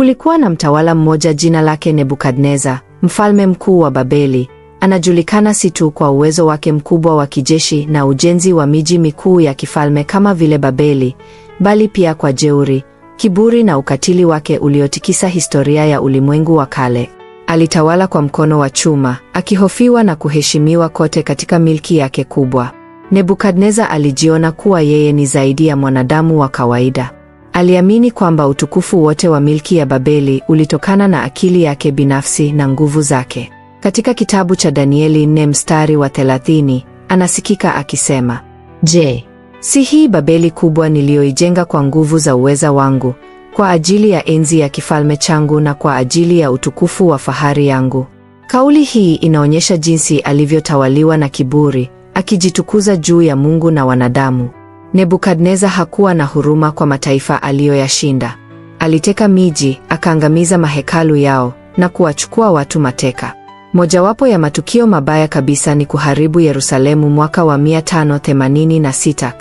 Kulikuwa na mtawala mmoja jina lake Nebukadneza, mfalme mkuu wa Babeli. Anajulikana si tu kwa uwezo wake mkubwa wa kijeshi na ujenzi wa miji mikuu ya kifalme kama vile Babeli, bali pia kwa jeuri, kiburi na ukatili wake uliotikisa historia ya ulimwengu wa kale. Alitawala kwa mkono wa chuma, akihofiwa na kuheshimiwa kote katika milki yake kubwa. Nebukadneza alijiona kuwa yeye ni zaidi ya mwanadamu wa kawaida. Aliamini kwamba utukufu wote wa milki ya Babeli ulitokana na akili yake binafsi na nguvu zake. Katika kitabu cha Danieli 4 mstari wa 30 anasikika akisema, Je, si hii Babeli kubwa niliyoijenga kwa nguvu za uweza wangu kwa ajili ya enzi ya kifalme changu na kwa ajili ya utukufu wa fahari yangu? Kauli hii inaonyesha jinsi alivyotawaliwa na kiburi, akijitukuza juu ya Mungu na wanadamu. Nebukadneza hakuwa na huruma kwa mataifa aliyoyashinda. Aliteka miji, akaangamiza mahekalu yao na kuwachukua watu mateka. Mojawapo ya matukio mabaya kabisa ni kuharibu Yerusalemu mwaka wa 586.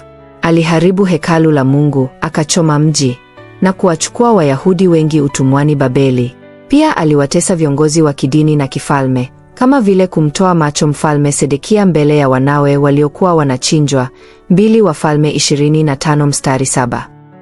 Aliharibu hekalu la Mungu, akachoma mji na kuwachukua Wayahudi wengi utumwani Babeli. Pia aliwatesa viongozi wa kidini na kifalme kama vile kumtoa macho mfalme Sedekia mbele ya wanawe waliokuwa wanachinjwa. mbili Wafalme 25 mstari 7.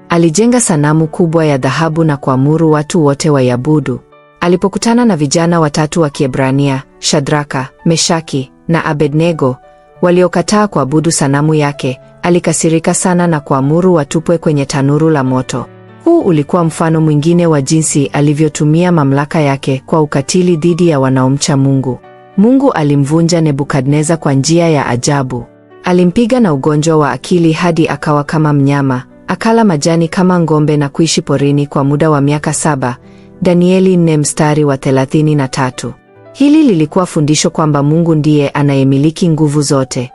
Alijenga sanamu kubwa ya dhahabu na kuamuru watu wote waiabudu. Alipokutana na vijana watatu wa Kiebrania, Shadraka, Meshaki na Abednego, waliokataa kuabudu sanamu yake, alikasirika sana na kuamuru watupwe kwenye tanuru la moto. Huu ulikuwa mfano mwingine wa jinsi alivyotumia mamlaka yake kwa ukatili dhidi ya wanaomcha Mungu. Mungu alimvunja Nebukadneza kwa njia ya ajabu. Alimpiga na ugonjwa wa akili hadi akawa kama mnyama, akala majani kama ng'ombe na kuishi porini kwa muda wa miaka saba. Danieli 4 mstari wa 33. Hili lilikuwa fundisho kwamba Mungu ndiye anayemiliki nguvu zote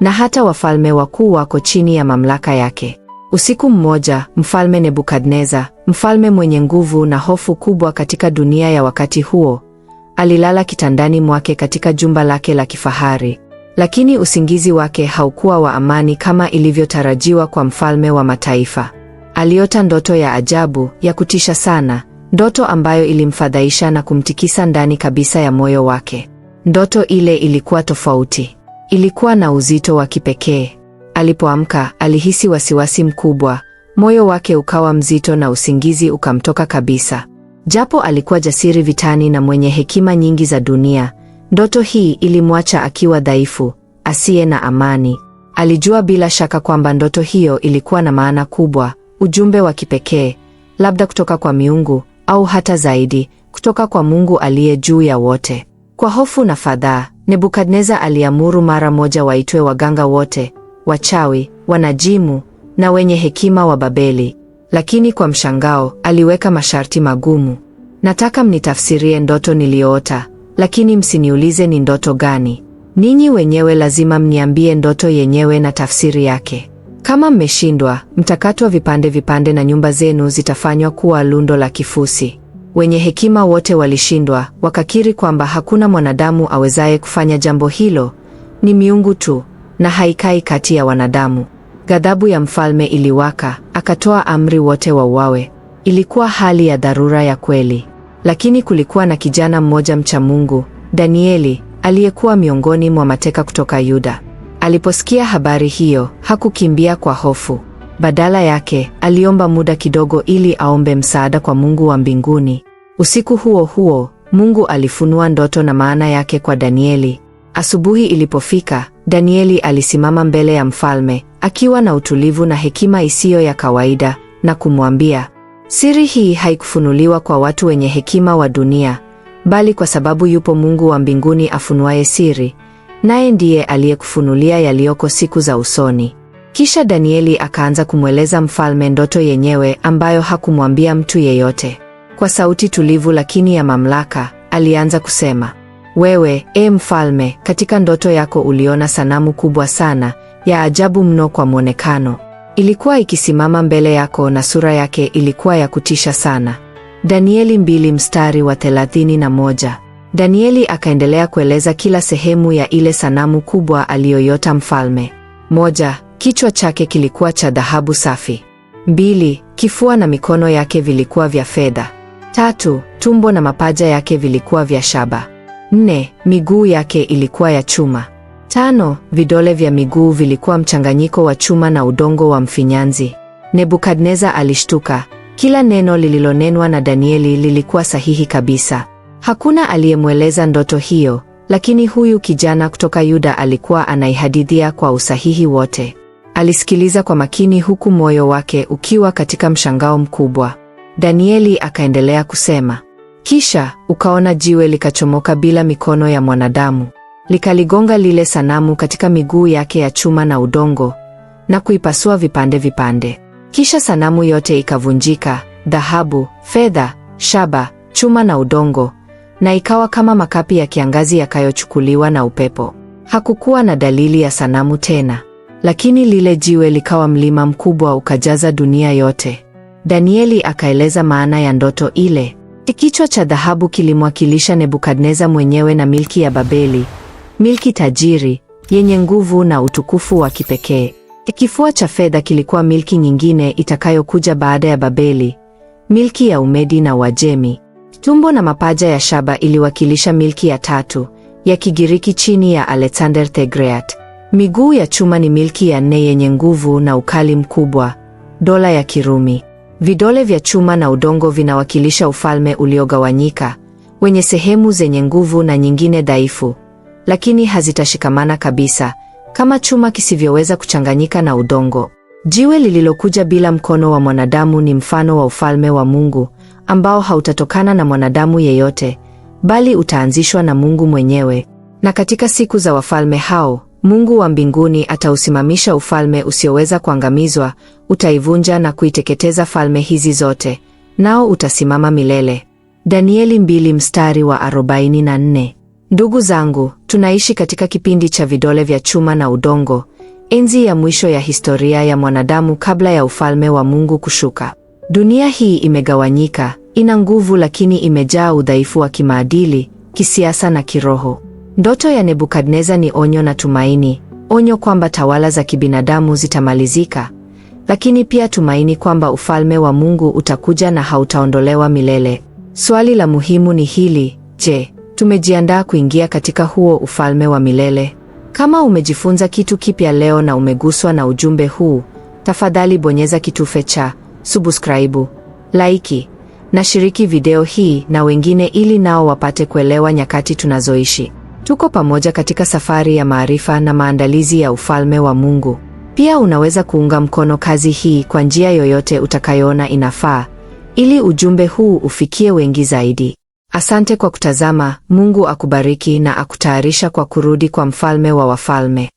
na hata wafalme wakuu wako chini ya mamlaka yake. Usiku mmoja, Mfalme Nebukadneza, mfalme mwenye nguvu na hofu kubwa katika dunia ya wakati huo, Alilala kitandani mwake katika jumba lake la kifahari, lakini usingizi wake haukuwa wa amani kama ilivyotarajiwa kwa mfalme wa mataifa. Aliota ndoto ya ajabu ya kutisha sana, ndoto ambayo ilimfadhaisha na kumtikisa ndani kabisa ya moyo wake. Ndoto ile ilikuwa tofauti, ilikuwa na uzito wa kipekee. Alipoamka alihisi wasiwasi mkubwa, moyo wake ukawa mzito na usingizi ukamtoka kabisa. Japo alikuwa jasiri vitani na mwenye hekima nyingi za dunia, ndoto hii ilimwacha akiwa dhaifu, asiye na amani. Alijua bila shaka kwamba ndoto hiyo ilikuwa na maana kubwa, ujumbe wa kipekee, labda kutoka kwa miungu au hata zaidi, kutoka kwa Mungu aliye juu ya wote. Kwa hofu na fadhaa, Nebukadneza aliamuru mara moja waitwe waganga wote, wachawi, wanajimu na wenye hekima wa Babeli lakini kwa mshangao aliweka masharti magumu. Nataka mnitafsirie ndoto niliyoota, lakini msiniulize ni ndoto gani. Ninyi wenyewe lazima mniambie ndoto yenyewe na tafsiri yake. Kama mmeshindwa, mtakatwa vipande vipande na nyumba zenu zitafanywa kuwa lundo la kifusi. Wenye hekima wote walishindwa, wakakiri kwamba hakuna mwanadamu awezaye kufanya jambo hilo, ni miungu tu, na haikai kati ya wanadamu. Ghadhabu ya mfalme iliwaka, akatoa amri wote wauawe. Ilikuwa hali ya dharura ya kweli, lakini kulikuwa na kijana mmoja mcha Mungu, Danieli, aliyekuwa miongoni mwa mateka kutoka Yuda. Aliposikia habari hiyo, hakukimbia kwa hofu. Badala yake, aliomba muda kidogo ili aombe msaada kwa Mungu wa mbinguni. Usiku huo huo, Mungu alifunua ndoto na maana yake kwa Danieli. Asubuhi ilipofika, Danieli alisimama mbele ya mfalme, akiwa na utulivu na hekima isiyo ya kawaida, na kumwambia, siri hii haikufunuliwa kwa watu wenye hekima wa dunia, bali kwa sababu yupo Mungu wa mbinguni afunuaye siri, naye ndiye aliyekufunulia yaliyoko siku za usoni. Kisha Danieli akaanza kumweleza mfalme ndoto yenyewe ambayo hakumwambia mtu yeyote. Kwa sauti tulivu lakini ya mamlaka, alianza kusema, wewe, e mfalme, katika ndoto yako uliona sanamu kubwa sana ya ajabu mno kwa mwonekano. Ilikuwa ikisimama mbele yako na sura yake ilikuwa ya kutisha sana. Danieli mbili mstari wa thelathini na moja. Danieli akaendelea kueleza kila sehemu ya ile sanamu kubwa aliyoyota mfalme. Moja, kichwa chake kilikuwa cha dhahabu safi. Mbili, kifua na mikono yake vilikuwa vya fedha. Tatu, tumbo na mapaja yake vilikuwa vya shaba. Nne, miguu yake ilikuwa ya chuma. Tano, vidole vya miguu vilikuwa mchanganyiko wa chuma na udongo wa mfinyanzi. Nebukadneza alishtuka. Kila neno lililonenwa na Danieli lilikuwa sahihi kabisa. Hakuna aliyemweleza ndoto hiyo, lakini huyu kijana kutoka Yuda alikuwa anaihadithia kwa usahihi wote. Alisikiliza kwa makini huku moyo wake ukiwa katika mshangao mkubwa. Danieli akaendelea kusema, kisha ukaona jiwe likachomoka bila mikono ya mwanadamu likaligonga lile sanamu katika miguu yake ya chuma na udongo na kuipasua vipande vipande. Kisha sanamu yote ikavunjika, dhahabu, fedha, shaba, chuma na udongo, na ikawa kama makapi ya kiangazi yakayochukuliwa na upepo. Hakukuwa na dalili ya sanamu tena, lakini lile jiwe likawa mlima mkubwa ukajaza dunia yote. Danieli akaeleza maana ya ndoto ile. Kichwa cha dhahabu kilimwakilisha Nebukadneza mwenyewe na milki ya Babeli milki tajiri yenye nguvu na utukufu wa kipekee. Kifua cha fedha kilikuwa milki nyingine itakayokuja baada ya Babeli, milki ya Umedi na Uajemi. Tumbo na mapaja ya shaba iliwakilisha milki ya tatu ya Kigiriki chini ya Alexander the Great. Miguu ya chuma ni milki ya nne yenye nguvu na ukali mkubwa, dola ya Kirumi. Vidole vya chuma na udongo vinawakilisha ufalme uliogawanyika, wenye sehemu zenye nguvu na nyingine dhaifu lakini hazitashikamana kabisa, kama chuma kisivyoweza kuchanganyika na udongo. Jiwe lililokuja bila mkono wa mwanadamu ni mfano wa ufalme wa Mungu ambao hautatokana na mwanadamu yeyote, bali utaanzishwa na Mungu mwenyewe. Na katika siku za wafalme hao, Mungu wa mbinguni atausimamisha ufalme usioweza kuangamizwa, utaivunja na kuiteketeza falme hizi zote, nao utasimama milele. Danieli mbili mstari wa arobaini na nne. Ndugu zangu, tunaishi katika kipindi cha vidole vya chuma na udongo, enzi ya mwisho ya historia ya mwanadamu kabla ya ufalme wa Mungu kushuka. Dunia hii imegawanyika, ina nguvu lakini imejaa udhaifu wa kimaadili, kisiasa na kiroho. Ndoto ya Nebukadneza ni onyo na tumaini, onyo kwamba tawala za kibinadamu zitamalizika, lakini pia tumaini kwamba ufalme wa Mungu utakuja na hautaondolewa milele. Swali la muhimu ni hili, je, Tumejiandaa kuingia katika huo ufalme wa milele. Kama umejifunza kitu kipya leo na umeguswa na ujumbe huu, tafadhali bonyeza kitufe cha subscribe, like na shiriki video hii na wengine ili nao wapate kuelewa nyakati tunazoishi. Tuko pamoja katika safari ya maarifa na maandalizi ya ufalme wa Mungu. Pia unaweza kuunga mkono kazi hii kwa njia yoyote utakayoona inafaa ili ujumbe huu ufikie wengi zaidi. Asante kwa kutazama. Mungu akubariki na akutayarisha kwa kurudi kwa mfalme wa wafalme.